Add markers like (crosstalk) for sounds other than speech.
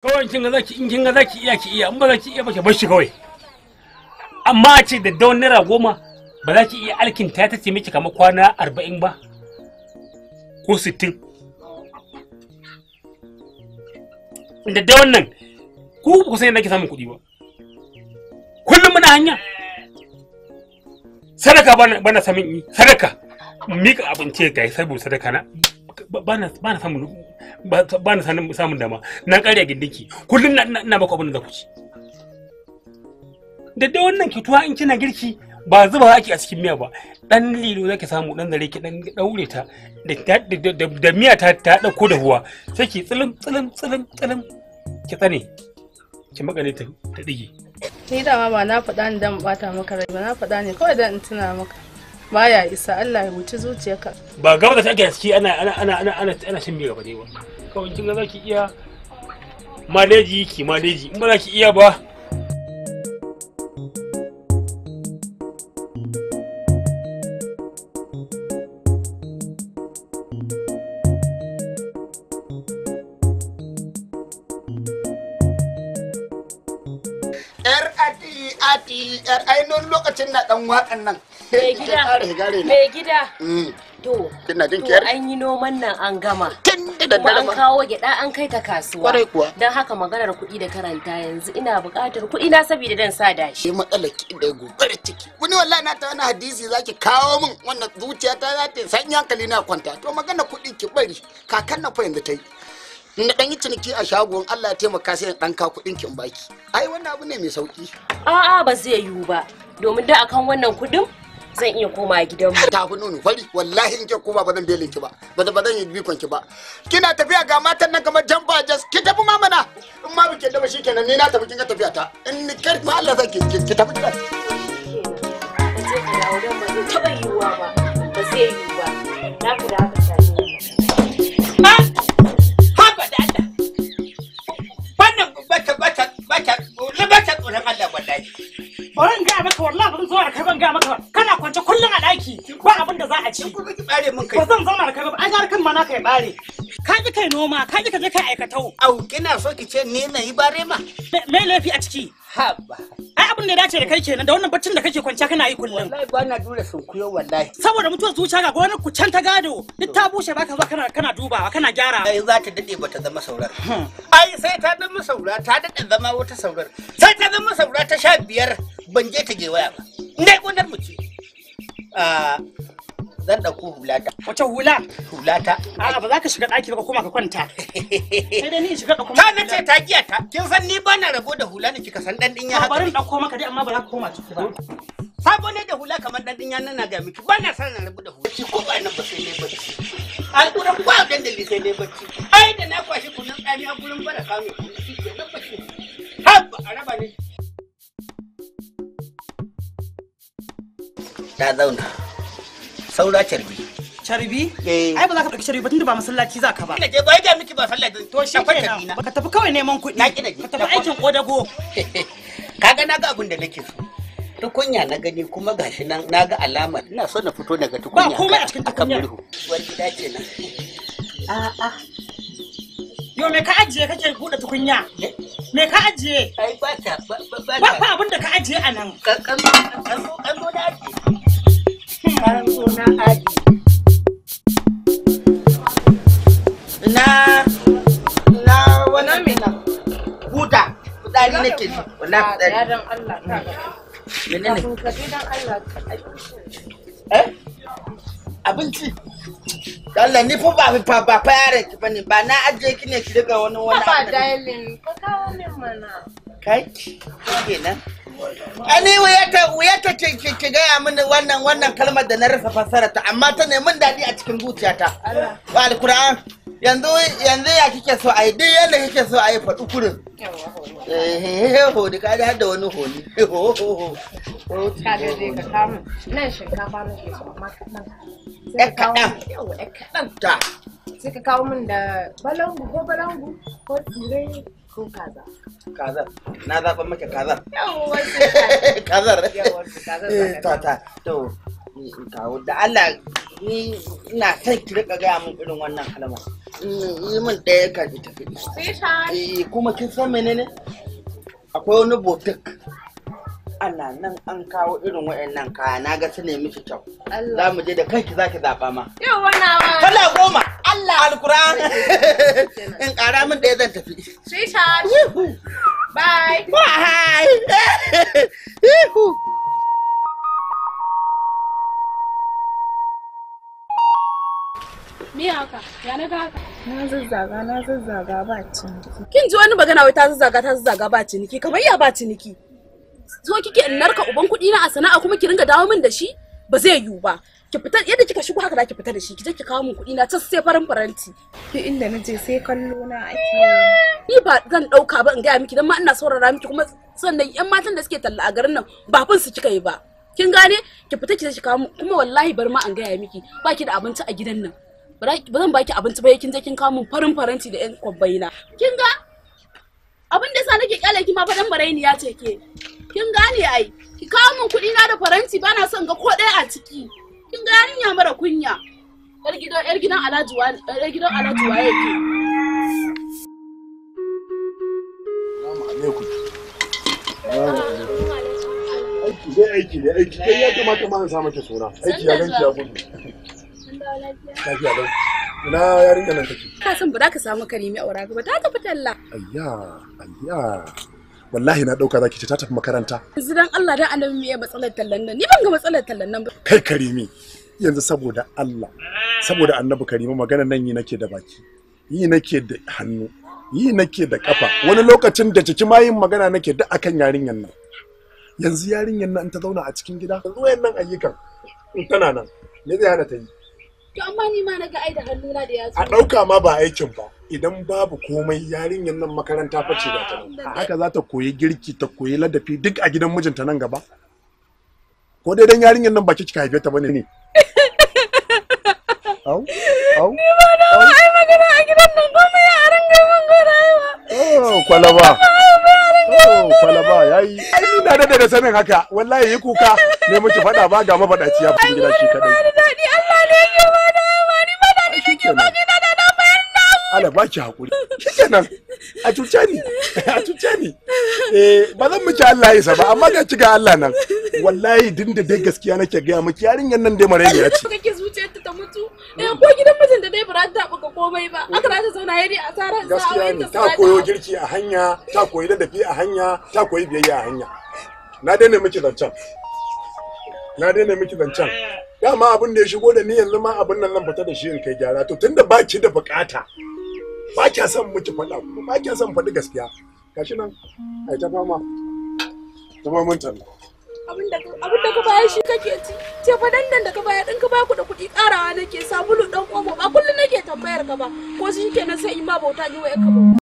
kawai kin ga zaki in kin ga zaki iya ki iya in ba zaki iya ba ki bar shi kawai amma a ce da don naira goma ba za ki iya alkinta ta ce miki kamar kwana arba'in ba ko sittin da da wannan ku ku san yadda ake samun kuɗi ba kullum muna hanya sadaka na bana samin sadaka mika abinci ga saboda sadaka na ba na samun ba na samun dama na ƙarya gindinki kullum na baku abin da kuci. ku da wannan kituwa in kina girki ba zuba ake a cikin miya ba dan lilo zaki samu dan zare ki dan daure ta da miya ta ta dauko da ruwa sai ki tsilin tsilin tsilin tsilin ki tsane ki makale ta ta dige ni ma ba na faɗa ni dan bata maka rai ba na faɗa ne kawai dan in tuna maka baya isa Allah ya mutu zuciyarka ba gaba da take ciki ana ana ana ana ana ana shin mi gaba ne ba kawai kin ga zaki iya maleji ki maleji in ba zaki iya ba ati yar eh, lokacin na dan wakan nan mai gida mm. to kina jin kiyar an yi noman nan an gama kuma an kawo gyada an kai ta kasuwa kwarai dan haka maganar kuɗi da karanta yanzu ina buƙatar kuɗi na saboda dan sa da shi matsalar ki da gobar ciki wani wallahi na ta wani hadisi zaki kawo min wannan zuciya ta za ta sanya hankali na kwanta to magana kuɗi ki bari kakan na fa yanzu ta yi na dan yi ciniki a shagon Allah ya taimaka sai dan ka kuɗin kin baki ai wannan abu ne mai sauki a'a ba zai yiwu ba domin da akan wannan kudin zan iya koma gidan mu tafi nono fari wallahi in ke koma ba zan belin ki ba ba zan yi bikon ki ba kina tafiya ga matan nan kamar jamba jas ki tafi ma mana in ma bike da ba shikenan ni na tafi kin ga tafiya ta in ni kar ma Allah zan ki ki tafi gidan ba zai yiwuwa ba ba zai ba na kudin bari in gaya maka wallahi bari zuwa da kai ban gaya maka kana kwance kullum a daki ba abin da za a ci ba zan zauna da kai ba ai har kan ma na kai bare ka ji kai noma ka ji ka je kai aikatau au kina so ki ce ni na yi barema me laifi a ciki haba ai abin da ya dace da kai kenan da wannan baccin da kake kwanciya kana yi kullum wallahi ba na dura sunkuyo wallahi saboda mutuwar zuciya ga gonar ku can ta gado duk ta bushe baka zo kana kana dubawa kana gyara ai za ta dade bata zama saurar hmm. ai sai ta zama saurar ta dade zama wata saurar sai ta zama saurar ta sha biyar ban je ta gewaya ba dai gonar mu ce ah, zan ɗauko hulata. Wace hula? Hulata. A'a ba za ka shiga ɗaki ba ka koma ka kwanta. (laughs) Sai dai ni shiga ka kuma. Ta na ce ta giya ta. Kin san ni ba na rabo da hula ne kika san ɗan ɗinya haka. Bari in ɗauko maka dai amma ba za ka koma ciki ba. Sabo ne da hula kamar ɗan ɗinya nan na ga miki ba na san na rago da hula. ko ba na ba sai dai bacci. Ai ba dan dalili sai dai bacci. Ai da na kwashi kunan tsami a gurin bara samu. Shi ke na bacci. Habba a raba ne. Ta zauna. saura carbi carbi eh ai ba za ka dauki carbi ba tunda ba masallaci za ka ba ina je ba ya miki ba sallaci to shi kenan ka tafi kawai neman kuɗi na kina je ka tafi aikin kodago (laughs) ga na ga abin da nake so tukunya na gani kuma gashi nan na ga alamar ina so na fito daga tukunya ba komai a cikin tukunya wani gida na. a'a Yo me ka ajiye kake buɗe tukunya? Me ka ajiye? Ai ba ta ba ba ba. Ba abin da ka ajiye a nan. Kan kan kan kan na hali na na wani mina huta kudari nake ji wala kudari ya dan Allah ka menene kudari Allah eh abinci Allah ni fa ba fa ba fa ki bane ba na aje ki ne ki riga wani wani ba dalilin ka mana kai kenan Ani wuyata wuyata ki ki ki gaya mini wannan wannan kalmar da na rasa fassararta amma ta ne mun daɗi a cikin zuciyata. Wa alkur'an yanzu yanzu ya kike so a yi duk yadda kike so a yi faɗi kurin. ho eh, hodi ka ji hadda (laughs) ho honi. Ka ga dai ka kama nan shinkafa nake so amma kaɗan. Ɗan kaɗan. Yawwa ɗan kaɗan. Ta. ka kawo min da balangu ko balangu ko tsire ko kaza kazar na zaɓa maka kazar (laughs) kazar tata eh, to kawo da Allah ni ina son ki rika gaya min irin wannan kalma yi min ɗaya ka ji tafi eh, kuma kin san menene akwai wani botik ana nan an kawo irin waɗannan kaya na ga su ne miki kyau za mu je da kanki ki zaɓa ma yau wana wa kala goma Allah alquran (laughs) in kara min ɗaya zan tafi bye bye (laughs) Me haka? Ya na haka? Na zazzaga, na zazzaga ba ciniki. Kin ji wani magana wai ta zazzaga ta zazzaga ba ciniki, kamar ya ba ciniki. Zo kike in narka uban kuɗi na a sana'a kuma ki ringa dawo min da shi? ba zai yiwu ba ki fita yadda kika shigo haka zaki fita da shi ki je ki kawo min kuɗi na ta sai farin faranti ki inda na je sai kallo na ake ni ba zan dauka ba in gaya miki dan ma ina saurara miki kuma sannan yan matan da suke talla a garin nan ba fun su kika yi ba kin gane ki fita ki je ki kawo kuma wallahi bar ma an gaya miki ba ki da abinci a gidan nan ba zan baki abinci ba kin je kin kawo min farin faranti da yan na. kin ga abin da yasa nake kyale ki ma fa dan ya ce ke kin gane ai ki kawo min kuɗi na da faranti ba na son ga ko ɗaya a ciki kin ga yarinya mara kunya yar gido yar gidan Alhaji wa yar gidan Alhaji wa yake Aiki dai aiki ne aiki kai ya kamata ma an sa mata suna aiki ya ganki ya gudu lafiya lau ina yarinya nan take ka san ba za ka samu karimi aura ba ta tafi talla ayya ayya wallahi na dauka zaki ce ta tafi makaranta yanzu dan Allah dan annabi me ya matsalar tallan nan ni ban ga matsalar tallan nan ba kai karimi yanzu saboda Allah saboda annabi karimi magana nan yi nake da baki yi nake da hannu yi nake da kafa wani lokacin da ciki ma yin magana nake duk akan yarinyan nan yanzu yarinyan nan ta zauna a cikin gida yanzu wayannan ayyukan tana nan ne zai hana ta yi to amma ni ma naga ai da da yatsu a dauka ma ba aikin ba idan babu komai yarinyar nan makaranta fa da ta haka za ta koyi girki ta koyi ladafi duk a gidan mijinta nan gaba ko dai dan yarinyar nan baki kika haife ta bane ne (laughs) au au ni ba na ai magana a gidan nan komai yaran gaban oh, gora oh kwalaba kwalaba ya yi ni na da da sanin haka wallahi yi kuka ne miki faɗa ba ga mafadaciya cikin gidan shi kaɗai. Allah ne ya Allah ba ki haƙuri shikenan a cuce ni a cuce ni eh ba zan miki Allah yasa ba amma ga ga Allah nan wallahi din da dai gaskiya nake gaya miki yarinyar nan dai marayiya ce kake zuciyarta ta mutu eh ko gidan mijin da dai ba ta ka komai ba aka za ta zauna yari a tsaran sa a ta koyo girki a hanya ta koyi dafi a hanya ta koyi biyayya a hanya na daina miki zancen na daina miki zancen dama abin da ya shigo da ni yanzu ma abin nan nan fita da shi in kai gyara to tunda baki da bukata ba kya son miki faɗa kuma ba kya son faɗi gaskiya gashi nan ai ta fama ta mun ta abin da ka baya shi kake ci ce fa dandan da ka baya din ka ba baya kuɗi kuɗi ƙarawa nake sabulu dan komo ba kullum nake tambayar ka ba ko shi kenan sai in ma bauta ji wa ka bauta